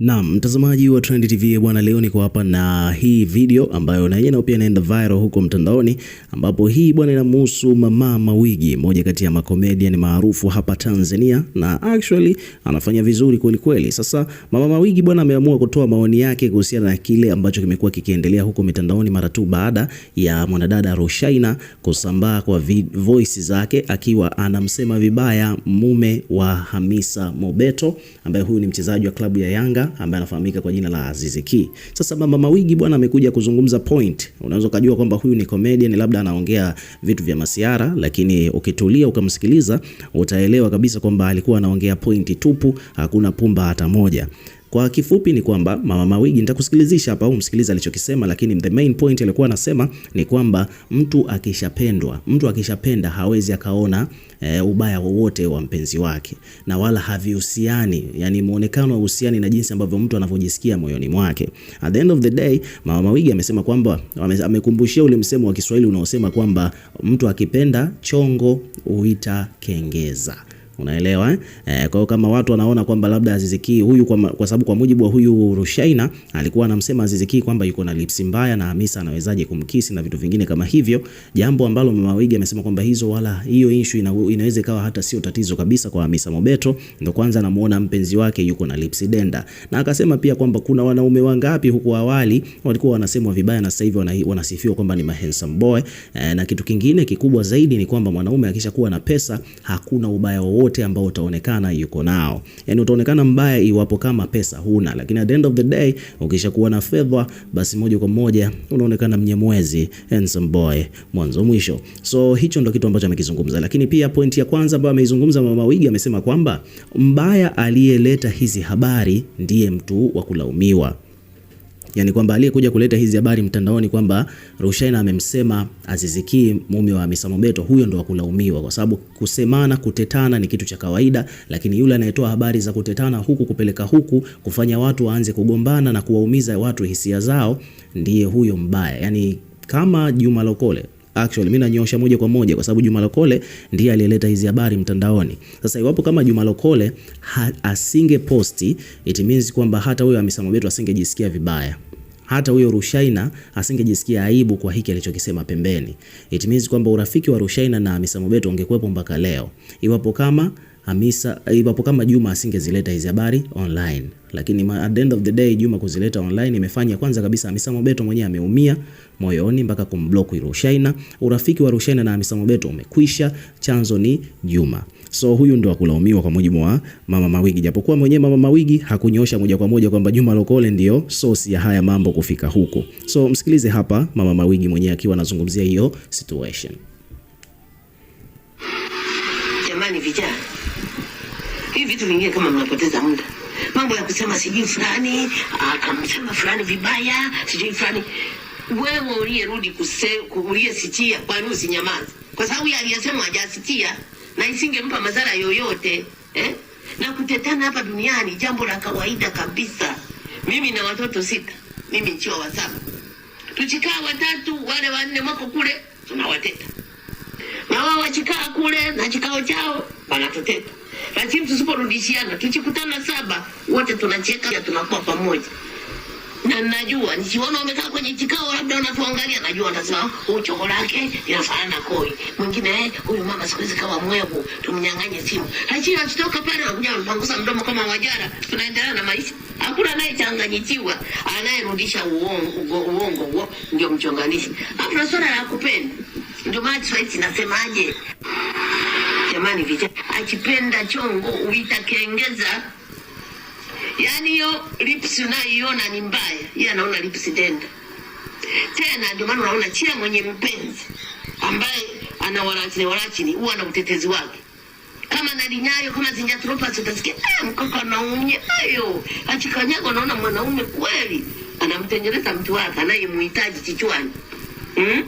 Naam, mtazamaji wa Trend TV bwana, leo niko hapa na hii video ambayo na yeye pia inaenda viral huko mtandaoni, ambapo hii bwana inamhusu Mama Mawigi, moja kati ya ni maarufu hapa Tanzania, na actually anafanya vizuri kweli kweli. Sasa Mama Mawigi bwana ameamua kutoa maoni yake kuhusiana na kile ambacho kimekuwa kikiendelea huko mitandaoni mara tu baada ya mwanadada Roshaina kusambaa kwa voice zake akiwa anamsema vibaya mume wa Hamisa Mobeto ambaye huyu ni mchezaji wa klabu ya Yanga ambaye anafahamika kwa jina la Azizi Ki. Sasa Mama Mawigi bwana amekuja kuzungumza point. Unaweza kujua kwamba huyu ni comedian, labda anaongea vitu vya masiara, lakini ukitulia ukamsikiliza utaelewa kabisa kwamba alikuwa anaongea point tupu, hakuna pumba hata moja. Kwa kifupi ni kwamba Mama Mawigi, nitakusikilizisha hapa, umsikiliza alichokisema, lakini the main point alikuwa anasema ni kwamba mtu akishapendwa, mtu akishapenda hawezi akaona e, ubaya wowote wa mpenzi wake na wala havihusiani, yani muonekano wa uhusiani na jinsi ambavyo mtu anavyojisikia moyoni mwake. At the end of the day, Mama Mawigi amesema kwamba amekumbushia ule msemo wa Kiswahili unaosema kwamba mtu akipenda chongo huita kengeza. Unaelewa eh? Eh, kwa hiyo kama watu wanaona kwamba labda Aziz Ki huyu kwa, kwa sababu kwa mujibu wa huyu Rushaina alikuwa anamsema Aziz Ki kwamba yuko na lips mbaya na Hamisa anawezaje kumkisi na vitu vingine kama hivyo, jambo ambalo Mama Wigi amesema kwamba hizo wala hiyo issue ina, inaweza ikawa hata sio tatizo kabisa kwa Hamisa Mobeto, ndio kwanza anamuona mpenzi wake yuko na lips denda, na akasema pia kwamba kuna wanaume wangapi huko awali walikuwa wanasemwa vibaya na sasa hivi wanasifiwa kwamba ni handsome boy eh, na kitu kingine kikubwa zaidi ni kwamba mwanaume akishakuwa na pesa hakuna ubaya wowote wote ambao utaonekana yuko nao. Yani utaonekana mbaya iwapo kama pesa huna, lakini at the end of the day ukishakuwa na fedha, basi moja kwa moja unaonekana mnyemwezi, handsome boy mwanzo mwisho. So hicho ndo kitu ambacho amekizungumza, lakini pia point ya kwanza ambayo ameizungumza Mama Wigi amesema kwamba mbaya aliyeleta hizi habari ndiye mtu wa kulaumiwa yani kwamba aliyekuja kuleta hizi habari mtandaoni kwamba Rushaina amemsema Aziz mume wa Hamisa Mobeto, huyo ndo akulaumiwa, kwa sababu kusemana, kutetana ni kitu cha kawaida, lakini yule anayetoa habari za kutetana huku kupeleka huku kufanya watu waanze kugombana na kuwaumiza watu hisia zao, ndiye huyo mbaya, yani kama Juma Lokole Actually, mimi nanyosha moja kwa moja kwa sababu Juma Lokole ndiye aliyeleta hizi habari mtandaoni. Sasa iwapo kama Juma Lokole asinge posti, it means kwamba hata huyo Hamisa Mobeto asingejisikia vibaya hata huyo Rushaina asingejisikia aibu kwa hiki alichokisema pembeni. It means kwamba urafiki wa Rushaina na Hamisa Mobeto ungekuwepo mpaka leo iwapo kama Hamisa ipo kama Juma asingezileta hizi habari online, lakini at the end of the day Juma kuzileta online imefanya kwanza kabisa Hamisa Mobeto mwenyewe ameumia moyoni mpaka kumblock Rushaina. Urafiki wa Rushaina na Hamisa Mobeto umekwisha, chanzo ni Juma. So huyu ndo akulaumiwa kwa mujibu wa Mama Mawigi, japokuwa mwenyewe Mama Mawigi hakunyosha moja kwa moja kwamba Juma Lokole ndio sosi ya haya mambo kufika huko. So msikilize hapa Mama Mawigi mwenyewe akiwa anazungumzia hiyo situation. Jamani vijana hii vitu vingine kama mnapoteza muda, mambo ya kusema sijui fulani akamsema ah, fulani vibaya, sijui fulani. Wewe uliyerudi uliyesikia, kwani usinyamaze? Kwa sababu aliyesema hajasitia na isingempa madhara yoyote eh? Na kutetana hapa duniani jambo la kawaida kabisa. Mimi na watoto sita, mimi nchiwa wa saba, tuchikaa watatu, wale wanne mwako kule tunawateta na wao wachikaa kule na chikao chao wanatoteta lakini tusiporudishiana, tukikutana saba wote tunacheka, tunakuwa pamoja. Na najua nikiona wamekaa kwenye kikao, labda wanatuangalia, najua watasema huyu oh, lake inafanana na koi mwingine. Eh, huyu mama siku hizi kama mwevu, tumnyang'anye simu. Lakini akitoka pale anakuja anapangusa mdomo kama wajara, tunaendelea na maisha. Hakuna anayechanganyikiwa, anayerudisha uongo uongo, huo ndio mchonganishi. Hakuna swala la kupenda. Ndio maana Kiswahili Jamani vijana, akipenda chongo uitakengeza. yani hiyo lips unayoiona ni mbaya, yeye anaona lips denda. Tena ndio maana unaona chia mwenye mpenzi ambaye ana warachini warachini, huwa na utetezi wake kama na nalinyayo kama zinja zinjatropas, utasikia ah, mkoko anaumia ayo achikanyago. Naona mwanaume kweli anamtengeneza mtu wake anayemhitaji kichwani mm?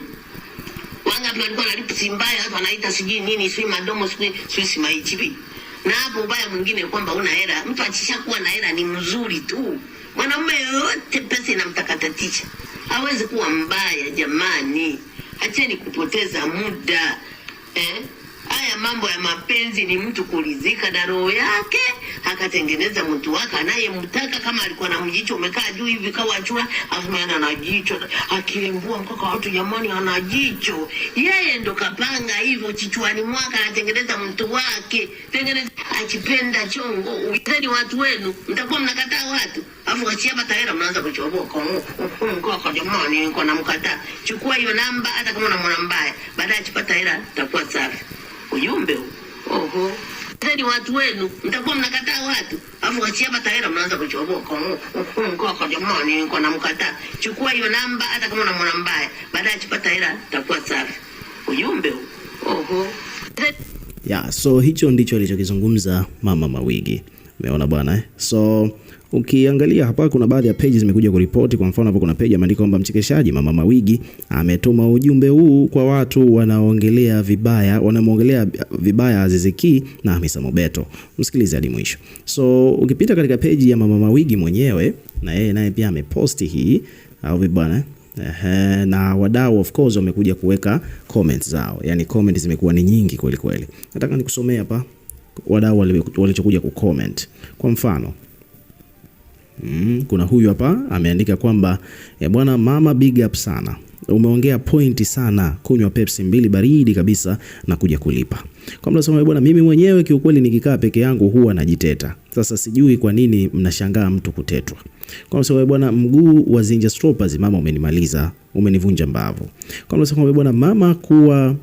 wanga ndio alikuwa analipa simbaya, watu anaita sijui nini, sijui madomo, sijui sijui simaichivi. Na hapo ubaya mwingine kwamba una hela, mtu achishakuwa na hela ni mzuri tu. mwanaume yote pesa inamtakatatisha, hawezi kuwa mbaya. Jamani, acheni kupoteza muda eh? haya mambo ya mapenzi ni mtu kulizika na roho yake, akatengeneza mtu wake anayemtaka. Kama alikuwa na mjicho umekaa juu hivi kawa chura, afumana na jicho, akilimbua mpaka watu jamani, ana jicho. Yeye ndo kapanga hivyo kichwani mwaka, anatengeneza mtu wake. Tengeneza achipenda chongo, uiteni watu wenu, mtakuwa mnakataa watu, afu wachia tahera, mnaanza kuchoboa kwa mkoa kwa jamani, niko namkataa. Chukua hiyo namba, hata kama unamwona mbaya, baadaye akipata hela takuwa safi ujumbe Oho. Ni watu wenu mtakuwa mnakataa watu, afu wachia hapa tahera mnaanza kuchomoka. Mkoa kwa jamani, niko na mkataa. Chukua hiyo namba hata kama unamwona mbaya. Baadaye chupa tahera itakuwa safi. Ujumbe Oho. Ya, so hicho ndicho alichokizungumza Mama Mawigi. Umeona bwana eh? So ukiangalia hapa kuna baadhi ya pages zimekuja kuripoti. Kwa mfano, hapo kuna page imeandika kwamba mchekeshaji Mama Mawigi ametuma ujumbe huu kwa watu wanaongelea vibaya, wanamuongelea vibaya Azizi Ki na Hamisa Mobeto. Msikilize hadi mwisho. So ukipita katika page ya Mama Mawigi mwenyewe, na yeye naye pia ameposti hii au vibana eh? Ehe, na wadau of course wamekuja kuweka comments zao, yani comments zimekuwa ni nyingi kweli kweli. Nataka nikusomee hapa wadau walichokuja kucomment. Kwa mfano mm, kuna huyu hapa ameandika kwamba e, bwana mama, big up sana umeongea pointi sana. Kunywa Pepsi mbili baridi kabisa na kuja kulipa kwa mnasema. Eh, bwana, mimi mwenyewe kiukweli nikikaa peke yangu huwa najiteta. Sasa sijui kwa nini mnashangaa mtu kutetwa. Kwa mnasema eh, bwana, mguu wa Zinja Stropers mama, umenimaliza umenivunja mbavu. Kwa mnasema bwana, mama kuwa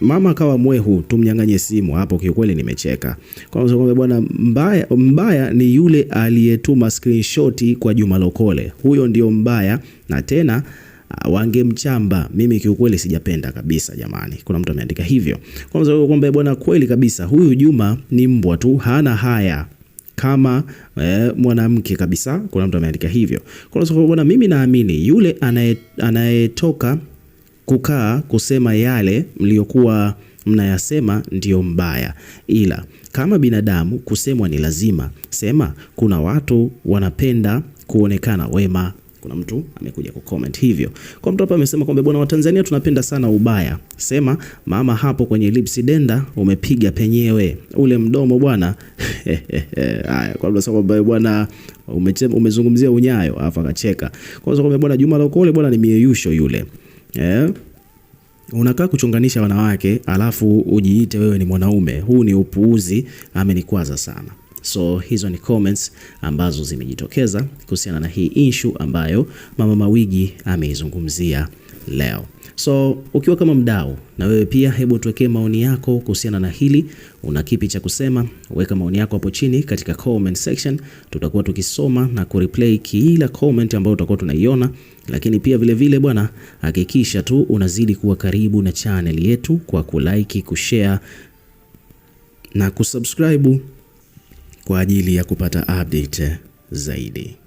Mama akawa mwehu, tumnyang'anye simu. Hapo kiukweli nimecheka kwa bwana. Mbaya, mbaya ni yule aliyetuma screenshot kwa Juma Lokole, huyo ndio mbaya, na tena ah, wangemchamba. Mimi kiukweli sijapenda kabisa jamani, kuna mtu ameandika hivyo kwamba bwana, kweli kabisa, huyu Juma ni mbwa tu, hana haya kama eh, mwanamke kabisa. Kuna mtu ameandika hivyo bwana, mimi naamini yule anayetoka kukaa kusema yale mliyokuwa mnayasema ndiyo mbaya, ila kama binadamu kusemwa ni lazima. Sema kuna watu wanapenda kuonekana wema. Kuna mtu amekuja comment hivyo. Kwa mtu hapa amesema kwamba bwana, Watanzania tunapenda sana ubaya. Sema mama, hapo kwenye lips denda umepiga penyewe, ule mdomo bwana. Haya, kwa sababu bwana umezungumzia unyayo, afa akacheka. Kwa sababu bwana Juma Lokole bwana ni mieyusho yule. Yeah. Unakaa kuchunganisha wanawake alafu ujiite wewe ni mwanaume. Huu ni upuuzi, amenikwaza sana. So hizo ni comments ambazo zimejitokeza kuhusiana na hii issue ambayo Mama Mawigi ameizungumzia leo. So ukiwa kama mdau na wewe pia, hebu tuwekee maoni yako kuhusiana na hili. Una kipi cha kusema? Weka maoni yako hapo chini katika comment section, tutakuwa tukisoma na kureplay kila comment ambayo utakuwa tunaiona. Lakini pia vile vile bwana, hakikisha tu unazidi kuwa karibu na channel yetu kwa kulike, kushare na kusubscribe kwa ajili ya kupata update zaidi.